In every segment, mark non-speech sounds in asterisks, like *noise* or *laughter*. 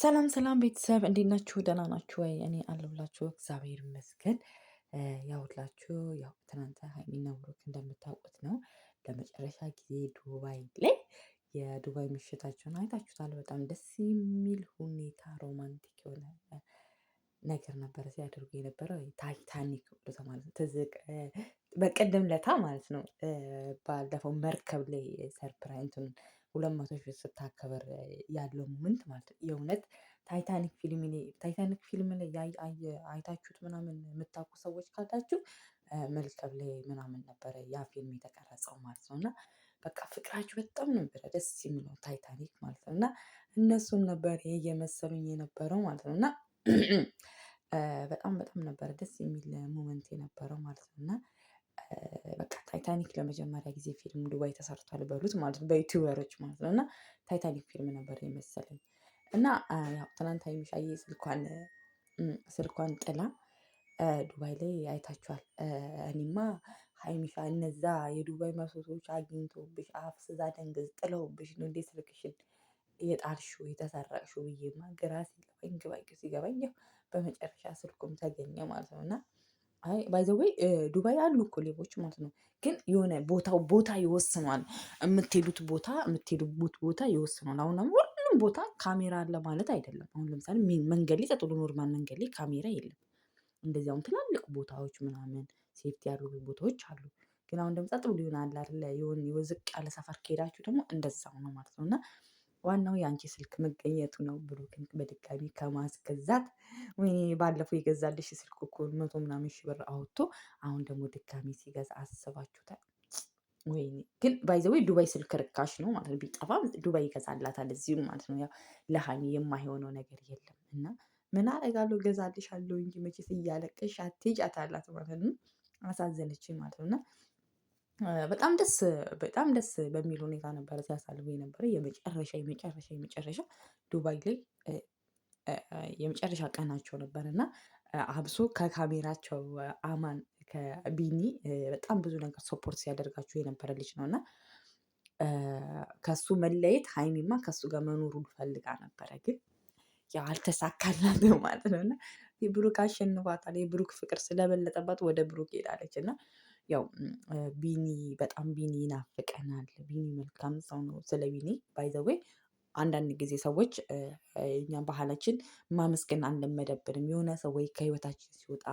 ሰላም ሰላም ቤተሰብ እንዴት ናችሁ? ደህና ናችሁ ወይ? እኔ አለሁላችሁ እግዚአብሔር ይመስገን። ያውላችሁ ያው ትናንተ ሀይሚና ብሩክ እንደምታውቁት ነው ለመጨረሻ ጊዜ ዱባይ ላይ የዱባይ ምሽታቸውን አይታችሁታል። በጣም ደስ የሚል ሁኔታ ሮማንቲክ የሆነ ነገር ነበረ ሲያደርጉ የነበረው ታይታኒክ ብሎታ ማለት ነው። ትዝቅ በቅድም ለታ ማለት ነው ባለፈው መርከብ ላይ ሰርፕራይንቱን ሁለት መቶ ሺህ ስታከብር ያለው ሙመንት ማለት ነው። የእውነት ታይታኒክ ፊልም ታይታኒክ ፊልም ላይ አይታችሁት ምናምን የምታውቁ ሰዎች ካላችሁ መልከብ ላይ ምናምን ነበረ ያ ፊልም የተቀረጸው ማለት ነው። እና በቃ ፍቅራችሁ በጣም ነበረ ደስ የሚለው ታይታኒክ ማለት ነው። እና እነሱን ነበር እየመሰሉኝ የነበረው ማለት ነው። እና *clears throat* በጣም በጣም ነበረ ደስ የሚል ሙመንት የነበረው ማለት ነው። እና በቃ ታይታኒክ ለመጀመሪያ ጊዜ ፊልም ዱባይ ተሰርቷል በሉት ማለት ነው፣ በዩቲዩበሮች ማለት ነው። እና ታይታኒክ ፊልም ነበር የመሰለኝ። እና ያው ትናንት ሀይሚሻዬ ስልኳን ስልኳን ጥላ ዱባይ ላይ አይታችኋል። እኔማ ሀይሚሻ እነዛ የዱባይ መሶቶች አግኝቶብሽ አፍስዛ ደንግዝ ጥለውብሽ ነው እንዴ ስልክሽን የጣልሽው የተሰረቅሹ ብዬማ ግራ ሲገባኝ ግራ ሲገባኝ በመጨረሻ ስልኩም ተገኘ ማለት ነው እና ባይዘዌይ ዱባይ አሉ እኮ ሌቦች ማለት ነው። ግን የሆነ ቦታው ቦታ ይወስኗል። የምትሄዱት ቦታ የምትሄዱት ቦታ ይወስኗል። አሁን ሁሉም ቦታ ካሜራ አለ ማለት አይደለም። አሁን ለምሳሌ መንገድ ላይ ጸጥሎ ኖርማል መንገድ ላይ ካሜራ የለም። እንደዚያውም ትላልቅ ቦታዎች ምናምን ሴፍቲ ያሉ ቦታዎች አሉ። ግን አሁን ደግሞ ጸጥሎ ሊሆን ይሆናል አይደለ? የሆነ ዝቅ ያለ ሰፈር ከሄዳችሁ ደግሞ እንደዛው ነው ማለት ነው እና ዋናው የአንቺ ስልክ መገኘቱ ነው ብሎ ግን በድጋሚ ከማስገዛት ወይኔ ባለፈው የገዛልሽ ስልክ እኮ መቶ ምናምን ሺህ ብር አወጥቶ አሁን ደግሞ ድጋሚ ሲገዛ አስባችሁታል? ወይኔ ግን ባይዘዌ ዱባይ ስልክ ርካሽ ነው ማለት ነው። ቢጠፋም ዱባይ ይገዛላታል እዚሁ ማለት ነው። ያው ለሀኒ የማይሆነው ነገር የለም እና ምን አደርጋለሁ ገዛልሻለሁ እንጂ መቼስ እያለቀሽ አታላት ማለት ነው። አሳዘነችኝ ማለት ነው እና በጣም ደስ በጣም ደስ በሚል ሁኔታ ነበረ ሲያሳልፉ የነበረ የመጨረሻ የመጨረሻ የመጨረሻ ዱባይ ላይ የመጨረሻ ቀናቸው ነበር እና አብሶ ከካሜራቸው አማን ከቢኒ በጣም ብዙ ነገር ሰፖርት ሲያደርጋችሁ የነበረ ልጅ ነው እና ከሱ መለየት ሀይሚማ ከሱ ጋር መኖሩን ፈልጋ ነበረ ግን ያው አልተሳካላትም ማለት ነው እና የብሩክ አሸንፏታል። የብሩክ ፍቅር ስለበለጠባት ወደ ብሩክ ሄዳለች እና ያው ቢኒ በጣም ቢኒ ይናፍቀናል። ቢኒ መልካም ሰው ነው። ስለ ቢኒ ባይዘዌ አንዳንድ ጊዜ ሰዎች እኛ ባህላችን ማመስገን አንለመደብንም። የሆነ ሰው ወይ ከህይወታችን ሲወጣ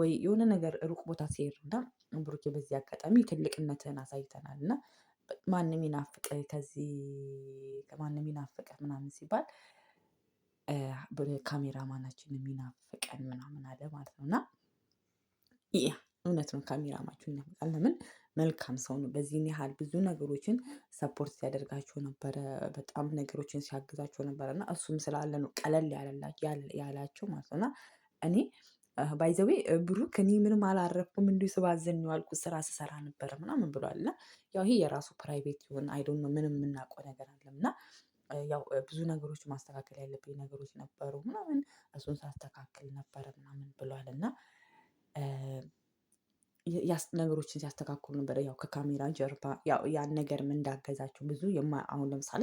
ወይ የሆነ ነገር ሩቅ ቦታ ሲሄድ እና ብሩኬ በዚህ አጋጣሚ ትልቅነትህን አሳይተናል እና ማንም ይናፍቅ ከዚህ ማንም ይናፍቅ ምናምን ሲባል ካሜራማናችን የሚናፍቀን ምናምን አለ ማለት ነው እና እውነት ነው ካሜራማችሁን ያመጣል። ለምን መልካም ሰው ነው። በዚህን ያህል ብዙ ነገሮችን ሰፖርት ሲያደርጋቸው ነበረ። በጣም ነገሮችን ሲያግዛቸው ነበረ እና እሱም ስላለ ነው ቀለል ያላቸው ማለት ነው። እና እኔ ባይዘዌ ብሩክ እኔ ምንም አላረፍኩም እንዲሁ ስባዝን ነው ስራ ስሰራ ነበረ ምናምን ብሏል። እና ያው ይሄ የራሱ ፕራይቬት ይሁን አይ ዶንት ኖ ምንም የምናውቀው ነገር አለም እና ያው ብዙ ነገሮች ማስተካከል ያለብኝ ነገሮች ነበሩ ምናምን እሱን ሳስተካክል ነበረ ምናምን ብሏል እና ነገሮችን ሲያስተካክሉ ነበር። ያው ከካሜራ ጀርባ ያን ነገር እንዳገዛቸው ብዙ አሁን ለምሳሌ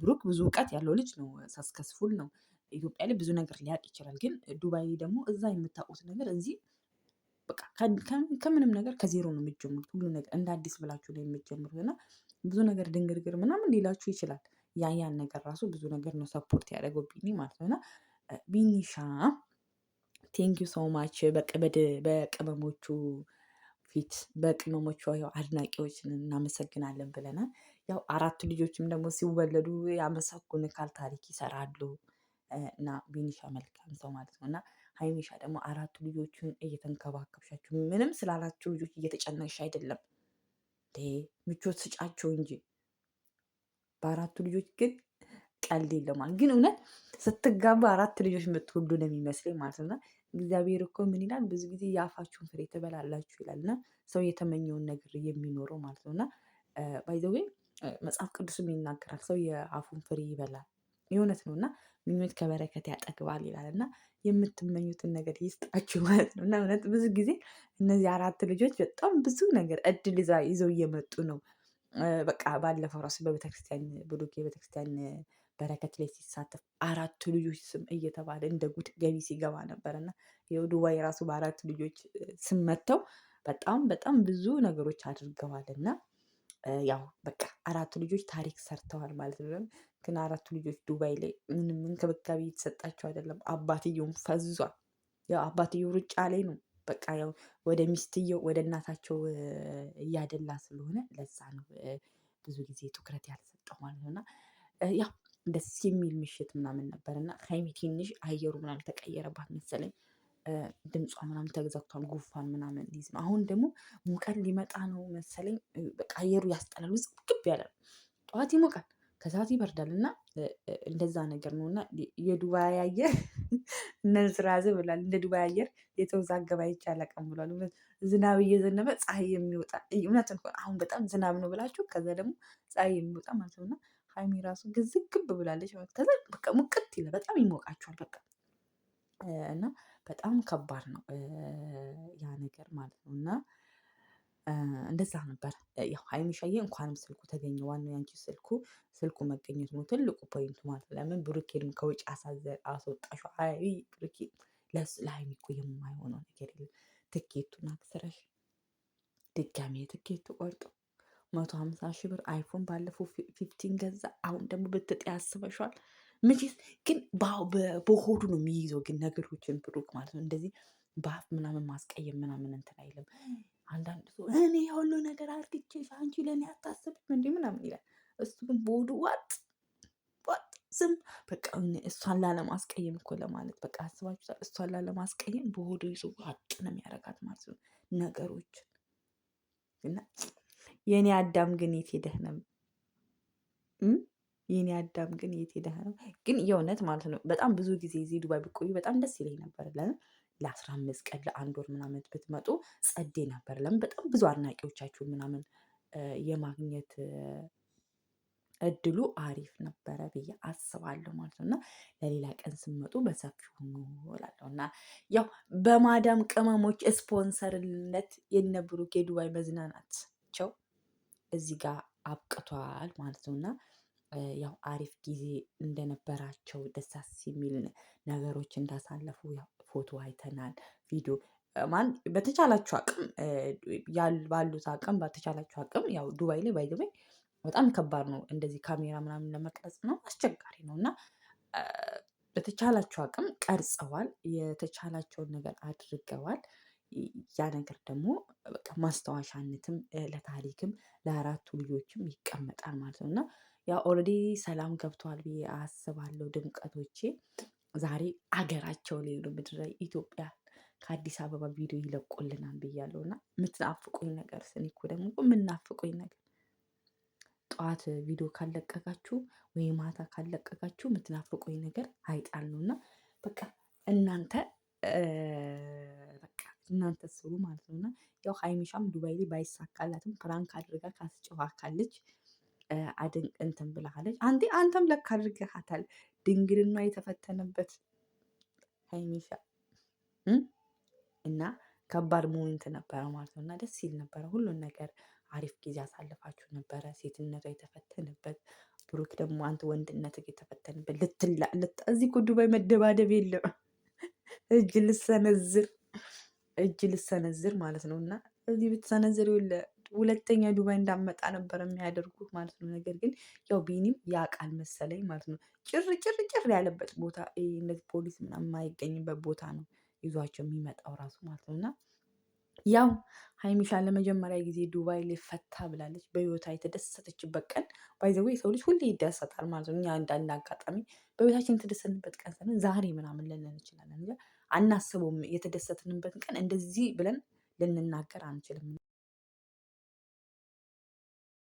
ብሩክ ብዙ እውቀት ያለው ልጅ ነው። ሳስከስፉል ነው። ኢትዮጵያ ላይ ብዙ ነገር ሊያውቅ ይችላል። ግን ዱባይ ደግሞ እዛ የምታውቁት ነገር እዚህ በቃ ከምንም ነገር ከዜሮ ነው የምትጀምሩት። ሁሉ ነገር እንደ አዲስ ብላችሁ ነው የምትጀምሩት እና ብዙ ነገር ድንግርግር ምናምን ሊላችሁ ይችላል። ያ ያን ነገር ራሱ ብዙ ነገር ነው ሰፖርት ያደረገው ቢኒ ማለት ነው እና ቢኒሻ ቴንኪዩ ሶማች በቅመሞቹ ፊት በቅመሞቹ አድናቂዎችን እናመሰግናለን ብለናል። ያው አራቱ ልጆችም ደግሞ ሲወለዱ ካል ታሪክ ይሰራሉ እና ቢኒሻ መልካም ሰው ማለት ነው እና ሀይሚሻ ደግሞ አራቱ ልጆቹን እየተንከባከብሻቸው ምንም ስላላቸው ልጆች እየተጨነቅሽ አይደለም፣ ምቾት ስጫቸው እንጂ በአራቱ ልጆች ግን ቀልድ የለውም። ግን እውነት ስትጋባ አራት ልጆች የምትወልዱ ነው የሚመስለኝ ማለት ነው። እግዚአብሔር እኮ ምን ይላል ብዙ ጊዜ የአፋችሁን ፍሬ ትበላላችሁ ይላል እና ሰው የተመኘውን ነገር የሚኖረው ማለት ነው። እና ባይ ዘ ዌይ መጽሐፍ ቅዱስም ይናገራል ሰው የአፉን ፍሬ ይበላል የእውነት ነው። እና ምኞት ከበረከት ያጠግባል ይላል እና የምትመኙትን ነገር ይስጣችሁ *laughs* ማለት ነው። እና እውነት ብዙ ጊዜ እነዚህ አራት ልጆች በጣም ብዙ ነገር እድል ይዘው እየመጡ ነው። በቃ ባለፈው ራሱ በቤተክርስቲያን ብሩክ የቤተክርስቲያን በረከት ላይ ሲሳተፍ አራት ልጆች ስም እየተባለ እንደ ጉድ ገቢ ሲገባ ነበር እና ይኸው ዱባይ ራሱ በአራት ልጆች ስም መጥተው በጣም በጣም ብዙ ነገሮች አድርገዋል እና ያው በቃ አራቱ ልጆች ታሪክ ሰርተዋል ማለት ነው። ግን አራቱ ልጆች ዱባይ ላይ ምንም እንክብካቤ እየተሰጣቸው አይደለም። አባትየውም ፈዟል። ያው አባትየው ሩጫ ላይ ነው። በቃ ያው ወደ ሚስትየው ወደ እናታቸው እያደላ ስለሆነ ለዛ ነው ብዙ ጊዜ ትኩረት ያልሰጠው ማለት ነውና ያው ደስ የሚል ምሽት ምናምን ነበር እና ሀይሚ ትንሽ አየሩ ምናምን ተቀየረባት መሰለኝ። ድምጿ ምናምን ተግዛቷል፣ ጉፋን ምናምን ሊዝ ነው። አሁን ደግሞ ሙቀት ሊመጣ ነው መሰለኝ። በቃ አየሩ ያስጠላል፣ ውስጥ ግብ ያለ ነው። ጠዋት ይሞቃል፣ ከሰዓት ይበርዳል እና እንደዛ ነገር ነው እና የዱባይ አየር *laughs* ነዝራዝ ብሏል። እንደ ዱባይ አየር የተወዛገበ አይቼ አላውቅም ብሏል። ዝናብ እየዘነበ ፀሐይ የሚወጣ እውነት አሁን በጣም ዝናብ ነው ብላችሁ ከዛ ደግሞ ፀሐይ የሚወጣ ማለት ነው እና ሀይሚ ራሱ ግዝግብ ብላለች። ከዛ በቃ ሙቀት ይለ በጣም ይሞቃቸዋል። በቃ እና በጣም ከባድ ነው ያ ነገር ማለት ነው። እና እንደዛ ነበር ያው ሀይሚሻዬ፣ እንኳንም ስልኩ ተገኘ። ዋናው ያንቺ ስልኩ ስልኩ መገኘት ነው ትልቁ ፖይንቱ ማለት ነው። ለምን ብሩኬድም ከውጭ አሳዘር አስወጣሹ። አይ ብሩኬ፣ ለሱ ለሀይሚ እኮ የማይሆነው ነገር የለም። ትኬቱን አክስረሽ ድጋሜ ትኬቱ ቆርጦ መቶ ሀምሳ ሺህ ብር አይፎን ባለፈው ፊፍቲን ገዛ። አሁን ደግሞ ብትጥ ያስበሻል። መቼስ ግን በሆዱ ነው የሚይዘው ግን ነገሮችን ብሩክ ማለት ነው። እንደዚህ በአፍ ምናምን ማስቀየም ምናምን እንትን አይልም። አንዳንድ ሰው እኔ ሁሉ ነገር አርግቼ አንቺ ለእኔ አታስብም እንዲ ምናምን ይላል። እሱ ግን በሆዱ ዋጥ ዋጥ ስም በቃ እሷን ላለማስቀየም እኮ ለማለት በቃ አስባችሁ እሷን ላለማስቀየም በሆዱ ይዞ ዋጥ ነው የሚያረጋት ማለት ነው ነገሮችን እና የኔ አዳም ግን የት ሄደህ ነው? የኔ አዳም ግን የት ሄደህ ነው? ግን የእውነት ማለት ነው በጣም ብዙ ጊዜ እዚህ ዱባይ ብቆዩ በጣም ደስ ይለኝ ነበር። ለምን ለአስራ አምስት ቀን ለአንድ ወር ምናምን ብትመጡ ጸዴ ነበር። ለምን በጣም ብዙ አድናቂዎቻችሁን ምናምን የማግኘት እድሉ አሪፍ ነበረ ብዬ አስባለሁ ማለት ነው። እና ለሌላ ቀን ስመጡ በሰፊው እላለሁ። እና ያው በማዳም ቅመሞች ስፖንሰርነት የነብሩ የዱባይ መዝናናት እዚህ ጋር አብቅቷል ማለት ነው እና ያው አሪፍ ጊዜ እንደነበራቸው ደሳስ የሚል ነገሮች እንዳሳለፉ ፎቶ አይተናል። ቪዲዮ ማለት በተቻላችሁ አቅም ባሉት አቅም በተቻላችሁ አቅም ያው ዱባይ ላይ ባይ በጣም ከባድ ነው እንደዚህ ካሜራ ምናምን ለመቅረጽ ነው አስቸጋሪ ነው እና በተቻላችሁ አቅም ቀርጸዋል። የተቻላቸውን ነገር አድርገዋል ያ ነገር ደግሞ በቃ ማስታወሻነትም ለታሪክም ለአራቱ ልጆችም ይቀመጣል ማለት ነው። እና ያ ኦሬዲ ሰላም ገብቷል ብዬ አስባለሁ ድምቀቶቼ ዛሬ አገራቸው ሌሉ ነው ምድረ ኢትዮጵያ ከአዲስ አበባ ቪዲዮ ይለቁልናል ብያለሁ። እና የምትናፍቁኝ ነገር እኔ እኮ ደግሞ የምናፍቁኝ ነገር ጠዋት ቪዲዮ ካለቀቃችሁ ወይ ማታ ካለቀቃችሁ የምትናፍቁኝ ነገር አይጣል ነው። እና በቃ እናንተ እናንተ ስሩ ማለት ነው። እና ያው ሀይሚሻም ዱባይ ላይ ባይሳካላትም ፕራንክ አድርጋ ካስጨዋካለች አድን እንትን ብላለች። አንዴ አንተም ለካ አድርገሃታል። ድንግልና የተፈተነበት ሀይሚሻ እና ከባድ ሞመንት ነበረ ማለት ነው። እና ደስ ሲል ነበረ ሁሉን ነገር አሪፍ ጊዜ አሳልፋችሁ ነበረ። ሴትነቷ የተፈተነበት ብሩክ ደግሞ አንተ ወንድነት የተፈተንበት ልትላ እዚህ ዱባይ መደባደብ የለም እጅ ልሰነዝር እጅ ልሰነዝር ማለት ነው። እና እዚህ ብትሰነዝር ሁለተኛ ዱባይ እንዳመጣ ነበር የሚያደርጉት ማለት ነው። ነገር ግን ያው ቢኒም ያቃል መሰለኝ ማለት ነው። ጭር ጭር ጭር ያለበት ቦታ እንደዚህ ፖሊስ ምናምን የማይገኝበት ቦታ ነው ይዟቸው የሚመጣው ራሱ ማለት ነው። እና ያው ሀይሚሻ ለመጀመሪያ ጊዜ ዱባይ ላይ ፈታ ብላለች። በህይወቷ የተደሰተችበት ቀን ባይዘዊ የሰው ልጅ ሁሌ ይደሰታል ማለት ነው። እኛ አንዳንድ አጋጣሚ በቤታችን የተደሰንበት ቀን ሳይሆን ዛሬ ምናምን ልንል እንችላለን። አናስበውም። የተደሰትንበትን ቀን እንደዚህ ብለን ልንናገር አንችልም።